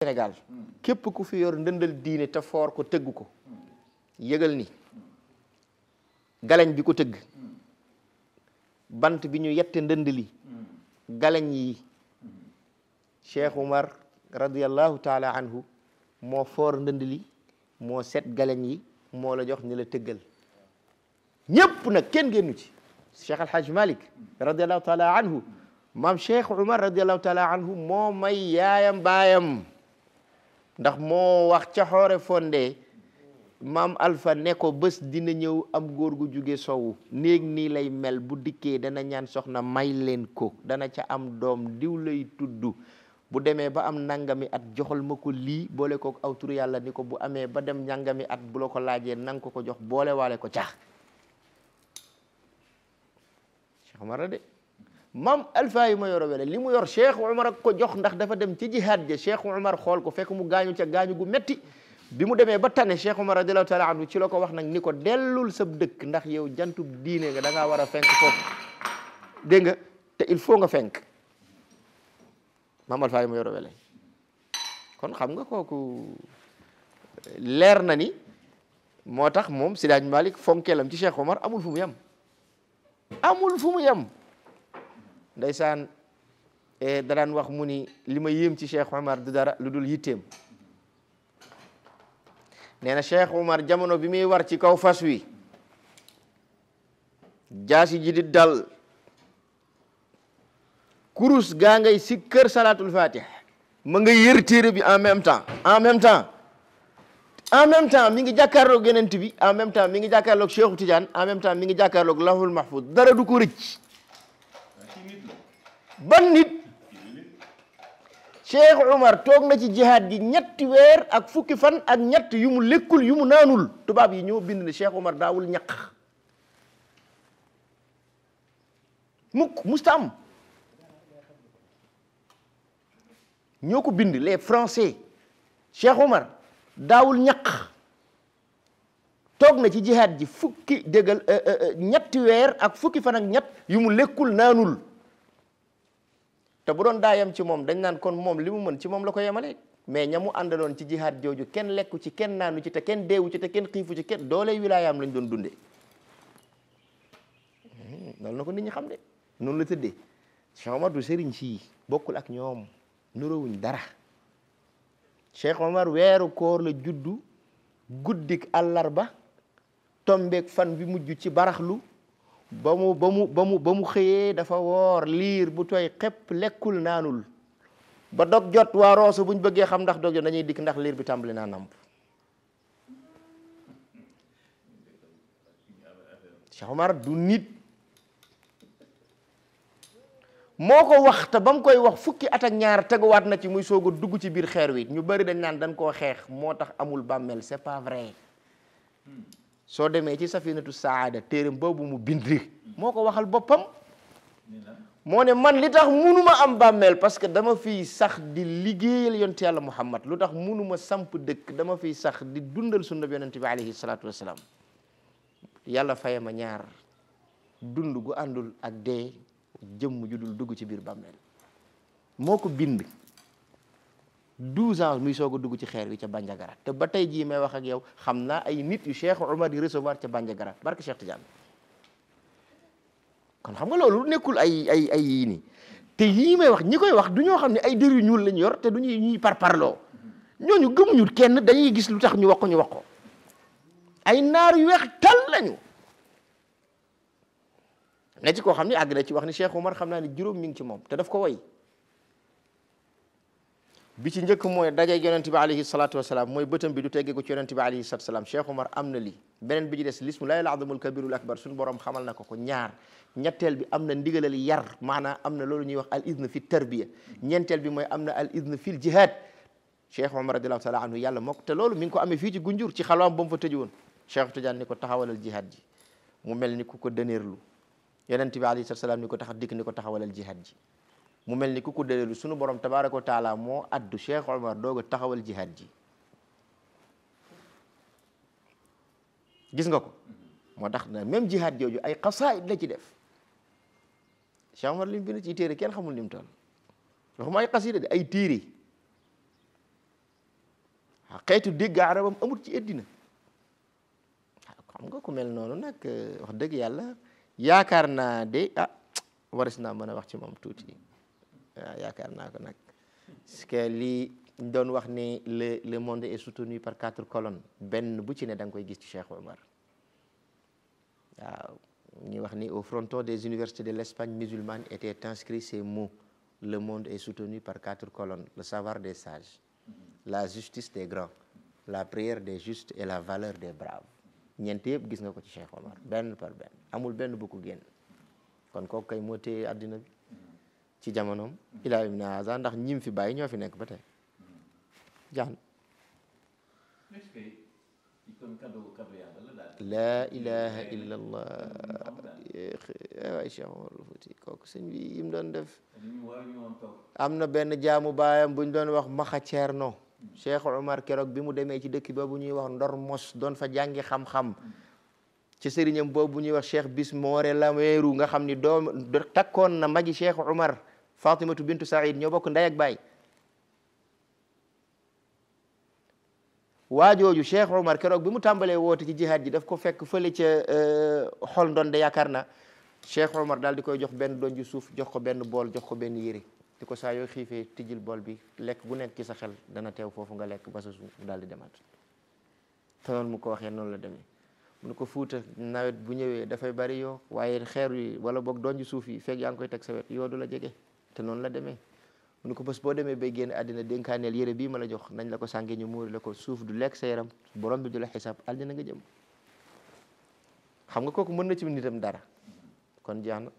Sénégal hmm. képp ku fi yor ndëndal diine te foor ko tëgg ko hmm. yëgal ni galañ bi ko tëgg hmm. bant bi ñu yette ndëndali galañ yi Cheikh Umar radiallahu taala anhu moo foor ndëndali moo set galañ yi moo la jox ni la tëggal ñépp na kenn génnu ci Cheikh Alhaj Malik radiallahu taala anhu maam Cheikh Umar radiallahu taala anhu moo may yaayam baayam ndax moo wax ca xoore fonde maam alfa ne ko bés dina ñëw am góor gu jóge sowu néeg nii lay mel bu dikkee dana ñaan soxna may leen ko dana ca am doom diw lay tudd bu demee ba am nangami at joxal ma ko lii boole ko aw turu yàlla ni ko bu amee ba dem nangami at bu la ko laajee nang ko ko jox boole waale ko caax Cheikh Omar de مام الفا يما يورو لي مو يور شيخ عمر كو جوخ ناخ دا فا ديم تي جهاد جي شيخ عمر خول كو فيك مو غاغنو تي غاغنو غو متي بي مو ديمي با تاني شيخ عمر رضي الله تعالى عنه تي لوكو واخ ناك نيكو دلول سب دك ناخ يو جانتو دينه داغا ورا فنك فوك ديغا تي الفو غا فنك مام الفا يما يورو ولا كون خامغا كوكو لير ناني موتاخ موم سيداج مالك فونكلام تي شيخ عمر امول فوم يام امول فوم يام ndeysaan eh, da daan wax mu ni li ma yéem ci Cheikh Omar du dara lu dul yitteem nee na Cheikh Omar jamono bi muy war ci kaw fas wi jaasi ji di dal kurus gaa ngay si kër salatul fatih ma nga yër téere bi en même temps en même temps en même temps mi ngi jàkkaarloog yonent bi en même temps mi ngi jàkkaarloog Cheikhu Tidiane en même temps mi ngi jàkkaarloog lahul mahfuz dara du ko rëcc ban nit Cheikh Umar toog na ci jihaad gi ñetti weer ak fukki fan ak ñett yu mu lekkul yu mu naanul tubaab yi ñoo bind ne Cheikh Umar daawul ñaq mukk musta am ñoo ko bind les français Cheikh Umar daawul ñaq toog na ci jihaad ji fukki dëggal euh, euh, euh, ñetti weer ak fukki fan ak ñett yu mu lekkul naanul te bu doon daa yem ci moom dañ naan kon moom li mu mën ci moom la ko yemale mais ñamu àndaloon ci jihaad jooju kenn lekku ci kenn naanu ci te kenn deewu ci te kenn xiifu ci kenn dooley wilaayaam lañ doon dundee hmm, loolu na ko nit ñi xam de noonu la tëddee Cheikh Omar du sëriñ sii bokkul ak ñoom nuróowuñ dara Cheikh Omar weeru koor la juddu guddik àllarba tombeek fan bi mujj ci baraxlu bamu bamu bamu bamu xeye da dafa wor liir bu toy xep lekul nanul ba dog jot wa rosu buñ bëggee xam ndax dog jot dañuy dik ndax liir bi tambali na namp Cheikh Omar du nit moko ko wax ta bam koy wax fukki at ak ñaar wat na ci muy soog dugg ci bir xeer wi ñu bari dañ nan dañ ko xex motax amul bammel c'est pas vrai soo demee ci safinatu saada téeram boobu mu bindri moo ko waxal boppam moo ne man li tax munuma am bàmmeel parce que dama fiy sax di liggéeyal yonte yàlla muhammad lu tax munuma samp dëkk dama fiy sax di dundal sunna bi yonente bi alayhi salaatu wasalaam yàlla fayama ñaar dund gu àndul ak dee jëmm ju dul dugg ci biir bàmmeel moo ko bind 12 ans muy soog a dugg ci xeer wi ca Bandiagara te ba tey ji may wax ak yow xam naa ay nit yu Cheikh Oumar di recevoir ca Bandiagara barke Cheikh Tidiane kon xam nga loolu nekkul ay ay ay yii nii te yii may wax ñi koy wax du ñoo xam ne ay dër yu ñuul lañ yor te du ñuy ñuy parparloo ñooñu gëmuñu kenn dañuy gis lu tax ñu wax ko ñu wax ko ay naar yu weex tal lañu ne ci koo xam ne àgg na ci wax ni Cheikh Oumar xam naa ne juróom ñu ngi ci moom te daf ko way bi ci njëkk mooy daje yonent bi alayhi salaatu wasalaam mooy bëtam bi du teggee ko ci yonent bi alayhi salaatu wasalaam Cheikh Omar am na li beneen bi ci des lismu laayil azamul kabirul akbar suñu borom xamal na ko ko ñaar ñetteel bi am na ndigalal yar maanaam am na loolu ñuy wax al idne fi tarbiya ñeenteel bi mooy am na al idne fil jihad Cheikh Omar radiallahu taala anhu yàlla moo te loolu mi ngi ko amee fii ci Gunjur ci xalwaam ba mu fa tëj woon Cheikh Tidiane ni ko taxawalal jihad ji mu mel ni ku ko dëneerlu yonent bi alayhi salaatu wasalaam ni ko tax dikk ni ko taxawalal jihad ji mu mel ni ku ko dëleelu sunu borom tabaaraka wa taala moo addu Cheikh Omar doog a taxawal jihaad ji gis nga ko moo tax na même jihaad jooju ay xasaayid la ci def Cheikh Omar lim bind ci téere kenn xamul ni mu toll waxuma ay xasida de ay téere xeetu dégg arabam amut ci addina xam nga ku mel noonu nag euh, wax dëgg yàlla yaakaar naa de ah waris naa mën a wax ci moom tuuti waaw ah, yaakaar naa ko que le le monde est soutenu par quatre colonnes Ben bu ci ne da koy gis ci Cheikh Omar au fronton des universités de l'Espagne musulmane étaient inscrits ces mots le monde est soutenu par quatre colonnes le savoir des sages la justice des grands la prière des justes et la valeur des braves ñeent yëpp gis nga ko ci Cheikh Omar Ben par ben. amul ben beaucoup ko Quand kon kooku kay moo téye ci jamonoom ila ibn haza ndax ñim fi bay ñofi nek ba tey ilaha illa allah waay Cheikh Omar futi Fouti kooku bi yim doon def Amna ben jaamu bayam buñ doon wax maxa cierno Cheikh Omar keroog bi mu demee ci dëkk bobu ñuy wax Ndor Mos doon fa jangi xam-xam ci serignam bobu ñuy wax Cheikh Bis Moore nga xamni ni takkon na maji Cheikh Omar fatimatu bintu said ñoo bokk ndey ak baay waajooju cheikh omar keroog bi mu tàmbalee woote ci jihaad ji daf ko fekk fële ca euh, xol ndonde yaakaar na cheikh omar daal di koy jox benn donju suuf jox ko benn bool jox ko benn yére di ko saa yoo xiifee tijjil bool bi lekk gu nekk ci sa xel dana teew foofu nga lekk basa sa suuf daal di demaat te noonu mu ko waxee noonu la deme mu ne ko fuuta nawet bu ñëwee dafay bari yoo waaye xeer yi wala boog donju suuf yi fekk yaa ngi koy teg sa wet du la jege te noonu la demee mu ko bés boo demee bay génn àddina dénkaaneel yére bii ma la jox nañ la ko sànge ñu muuri la ko suuf du lekk sa yaram borom bi du la xisaab aljana nga jëm xam nga kooku mën na ci nitam dara kon jeex na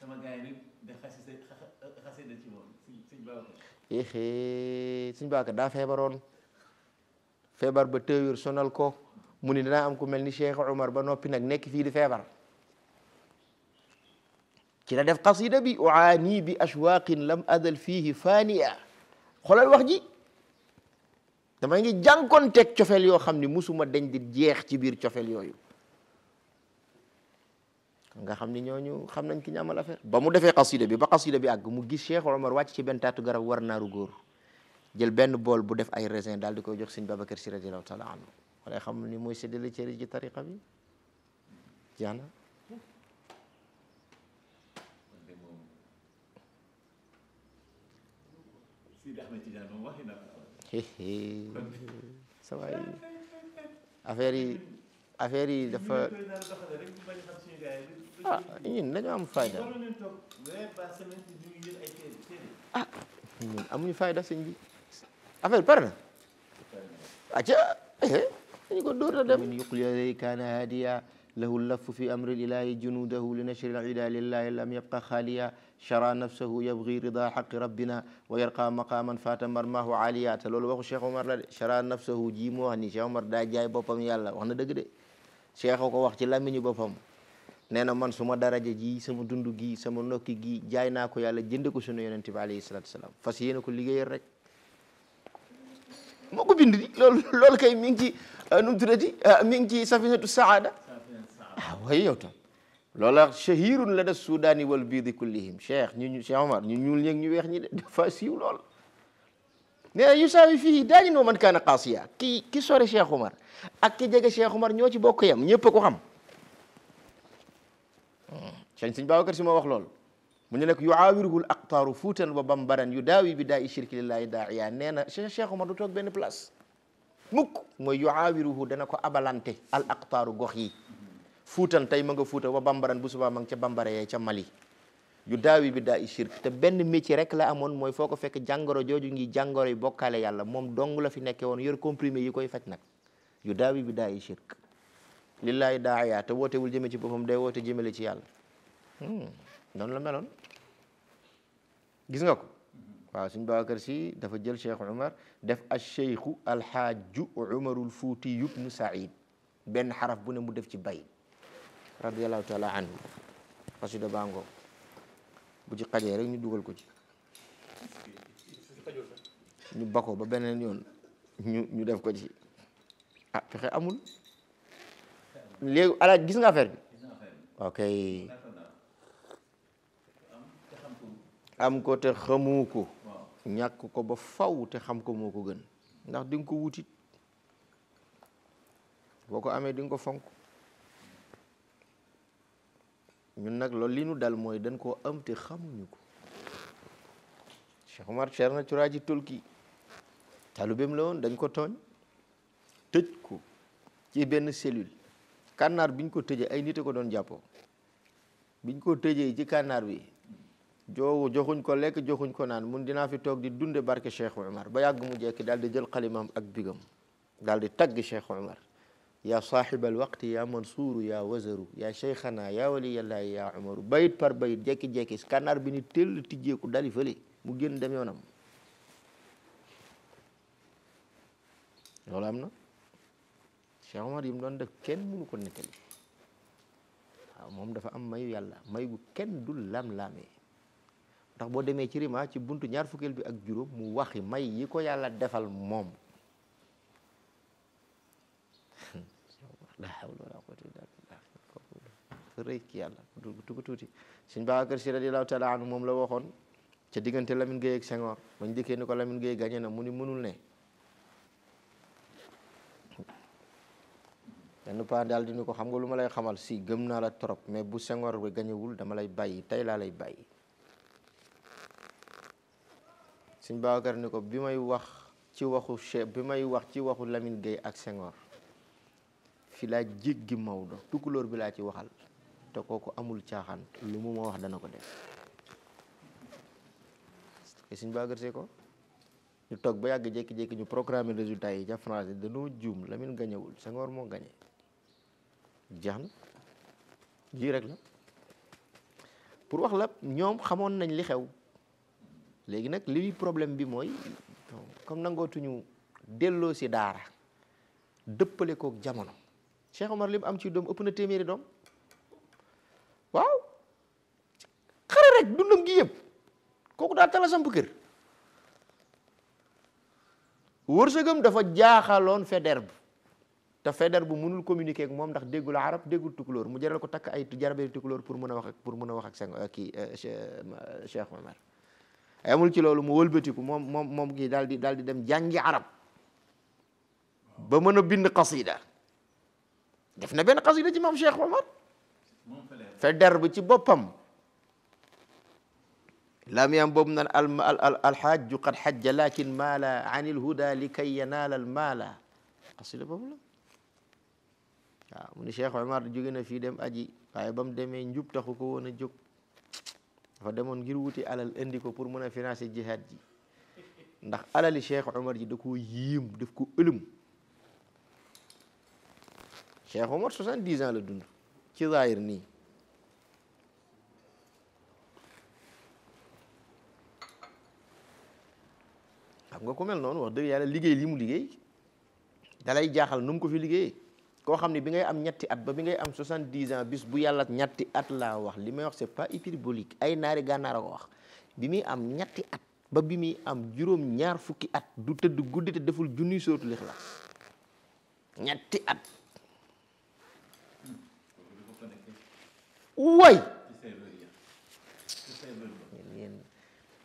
sama gaay yi de xase da baaka exe suñ feebar ba téewir sonal ko mu ni dinaa am ku mel ni Cheikh Omar ba noppi nag nekk fii di feebar ci la def qasida bi uani bi ashwaqin lam adal fihi fania xoolal wax ji dama ngi jankon tek ciofel yo xamni musuma dañ di jeex ci biir cofeel yooyu nga xamni ni ñooñu xam nañ ki ñamal affaire ba mu defé qasida bi ba qasida bi ag mu gis Cheikh Omar wacc ci ben tatu garab war naaru góor jël ben bol bu def ay raisin dal di koy jox seigne babakar Si taala anhu xamni moy sedele tariqa bi Sidi Ahmed Tidiane moom waxi na sa waay affaire yi affaire yi dafa ah ñun dañoo am fayda ah ñun amuñu fayda sëñ bi affaire pare eh, eh, dem yuqul yadayhi kaana haadiya له اللف في أمر الإله جنوده لنشر العدا لله لم يبقى خاليا شرى نفسه يبغي رضا حق ربنا ويرقى مقاما فات مرماه عاليا te loolu waxu Cheikh Omar la de شرى نفسه ji moo wax ni Cheikh Omar daa jaay boppam yàlla wax na dëgg de Cheikh ko wax ci làmmiñu boppam nee na man suma daraja ji sama dund gi sama nokki gi jaay naa ko yàlla jënd ko sunu yonent bi alayhi salaatu salaam fas yéene ko liggéeyal rek moo ko bind di loolu loolu kay mi ngi ci nu mu tuddati mi ngi ci safinatu saada hayyotan loola shahirun la da sudaani wal biidi kullihim cheikh ñu cheikh omar ñu ñuul ñeeg ñu weex ñi de dafa siiw lool nee na yusaawi fii daañu noo man kaana qaasiya ki ki sore cheikh omar ak ki jege cheikh omar ñoo ci bokk yam ñëpp a ko xam sëñ sëñ Babacar Si moo wax lool mu ne nag yuaawiruhu l aqtaaru fuutan wa bambaran yu daawi bi daa i shirki lillahi daaiya nee na cheikh omar du toog benn place mukk mooy yuaawiruhu dana ko abalante al aqtaaru gox yi fuutan tey ma nga fuuta wa bambaran bu subaa ma nga ca bambara yee ca Mali yu daawi bi daa i shirk te benn métier rek la amoon mooy foo ko fekk jàngoro jooju ngi jàngoro yi bokkaale yàlla moom dong la fi nekke woon yor comprimé yi koy faj nag yu daawi bi daa i shirk lillahi daaya te wootewul jëme ci boppam day woote jëmale ci yàlla hmm, noonu la meloon gis nga ko waaw suñ Babacar Si dafa jël Cheikh Umar def acheikhu alhaaju umarul fuuti yubnu said benn xaraf bu ne mu def ci bay radiallahu taala anhu xasida bango bu ci xajee rek ñu dugal ko ci ñu bako ba beneen yoon ñu ñu def ko ci ah fexe amul léegi alaaj gis nga affaire bi am ko te xamu ko ñàkk ko ba faw te xam ko moo ko gën ndax ding ko wutit boo ko amee ding ko fonk ñun nag loolu li ñu dal mooy dañ koo am te xamuñu ko Cheikh Omar Cerno Turaaji Tulki taalibeem la woon dañ ko tooñ tëj ko ci benn cellule kànnaar biñ ko tëjee ay nit a ko doon jàppoo biñ ko tëjee ci kànnaar bi joowu joxuñ ko lekk joxuñ ko naan mun dina fi toog di dunde barke Cheikh Omar ba yàgg mu jekki daal di jël xalimaam ak bigam daal di tagg Cheikh Omar yaa saaxibal waqti yaa mansuuru yaa wazaru yaa cheikhana yaa waliyallaahi yaa umaru bayit par bayit jekki-jekki kànnaar bi ni tëll tijjeeku dali fële mu génn dem yoonam loolu am na Cheikh Omar yi mu doon def kenn mënu ko nettali moom dafa am mayu yàlla mayu kenn du lam-laamee ndax boo demee ci rima ci buntu ñaar fukkeel bi ak juróom mu waxi may yi ko yàlla defal moom la hawla wala quwwata illa billah dafa rëy ki yàlla du ko tuuti sëñ Babacar Si radiyallahu taala anhu moom la waxoon ca kan diggante Lamine Gueye ak Senghor bañ dikkee ni ko Lamine Gueye gañe na mu ni ne benn paa daal di ni ko xam nga lu lay xamal si gëm naa la trop mais bu Senghor bi gañewul dama lay bàyyi tey laa lay bàyyi sëñ Babacar ni ko bi may wax ci waxu Cheikh bi may wax ci waxu Lamine Gueye ak Senghor fi laa jéggi Maodo tukulóor bi laa ci waxal te kooku amul caaxaan lu mu ma wax dana ko def te suñ baagartee ko ñu toog ba yàgg jékki-jékki ñu programmer résultat yi ca France dañoo juum Lamine gañewul Senghor moo gañe jeex na ji rek la pour wax la ñoom xamoon nañ li xew léegi nag lii problème bi mooy comme nangootuñu delloo si daara dëppale kook jamono Cheikh Omar li mu am ci doom ëpp na téeméeri doom waaw xare rek dundam gi yëpp kooku daa tala samp kër wërsëgam dafa jaaxaloon Faidherbe te Faidherbe bu mënul communiquer ak moom ndax déggul arab déggul tukulóor mu jaral ko takk ay jarabee tukulóor pour mën a wax ak pour mën a wax ak seen euh, kii euh, Cheikh ci loolu mu wëlbatiku moom moom kii daal di daal di dem jàngi arab ba mën a bind qasida def na benn xasida ci maam Cheikh Omar feder bi ci boppam laamiyam boobu nan al alxaaju qad xajja lakin maala an ilhuda ni Cheikh Omar jóge fi dem aji waaye ba mu demee njub taxu ko woon a jóg dafa demoon ngir wuti alal indi ko pour mën a financer jihaad ji ndax alali Cheikh Omar ji da koo yiim daf ko ëlum Cheikh Omar soixante-dix ans la dund ci zaahir nii xam nga ku mel noonu wax dëgg yàlla liggéey li mu liggéey dalay jaaxal num ko fi liggéeyee koo xam ne bi ngay am ñetti at ba bi ngay am soixante-dix ans bis bu yàlla ñetti at laa wax li may wax c'est pas hyperbolique ay naari gànnaar a ko wax bi muy am ñetti at ba bi muy am juróom ñaar fukki at du tëdd guddi te deful junniy sootu lixlaas ñetti at way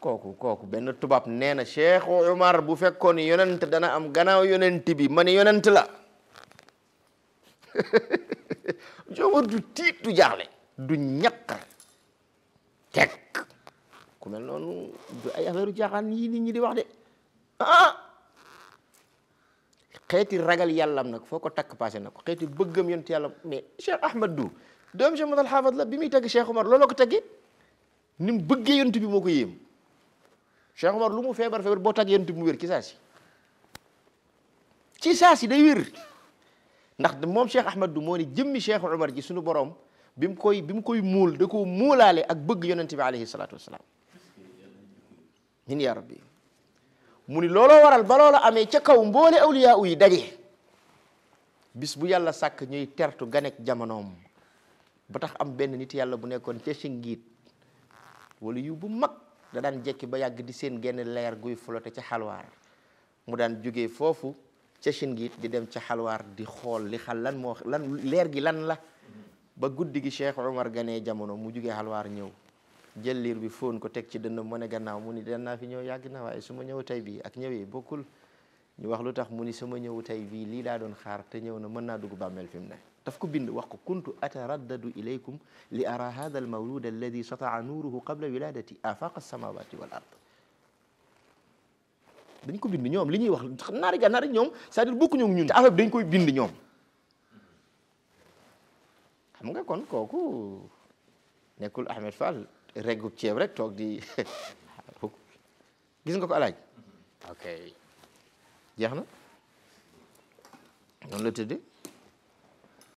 kooku kooku benn tubaab nee na Cheikh Umar bu fekkoon yonent dana am gannaaw yonent bi ma ni yonent la Omar du tiit du jaaxle du ñàkkar teg ku mel noonu du ay affaire jaaxaan yi nit ñi wax de ah xeeti ragal yàllam nag foo ko takk passé na ko xeeti bëggam yonent yàlla mais Cheikh Ahmad du doom Cheikh Mouhamadoul Haafad la bi muy tagg Cheikh Omar looloo ko taggee ni mu bëggee yonent bi moo ko yéem lu mu feebar boo tagg yonent bi mu wér ci saa saa si day wér ndax moom Cheikh Ahmad du moo ne jëmmi Cheikh Omar ji suñu borom bi mu koy bi mu koy muul da ko muulaale ak bëgg yonent bi alayhi salaatu wasalaam min mu ni looloo waral ba loola amee ca kaw mboole awliyaa yi daje bis bu yàlla sàkk ñuy tertu ganek jamonoom ba tax am benn nit yàlla bu nekkoon ca singiit wala yu bu mag da daan jekki ba yàgg di seen genn leer guy flotte ca xalwaar mu daan jógee foofu ca singiit di dem ca xalwaar di xool li xal lan moo leer gi lan la ba guddi gi Cheikh Omar ganee jamono mu jugee xalwaar ñëw jëllir bi fóon ko teg ci dënnam mu ne gannaaw mu ni den naa fi ñëw yàgg na waaye suma ñëw tey bii ak ñëwee bokkul ñu wax lu tax mu ni sama ñëw tey bii lii laa doon xaar te ñëw na mën naa dugg bàmmeel fi mu ne daf ko bind wax ko kuntu ataraddadu ilaykum li ara hada almawluda alladi sataa nuruhu qabla wiladati afaqa alsamawati wal ard dañ ko bind ñoom li ñuy wax naari naari noom ñoom c'est-à-dire bokku bokkuñu ñun te affaire dañ koy bind ñoom xam nga kon kooku nekkul Ahmed Fall reggub ceeb rek toog di gis nga ko alaaj ok jeex na noonu la tëddee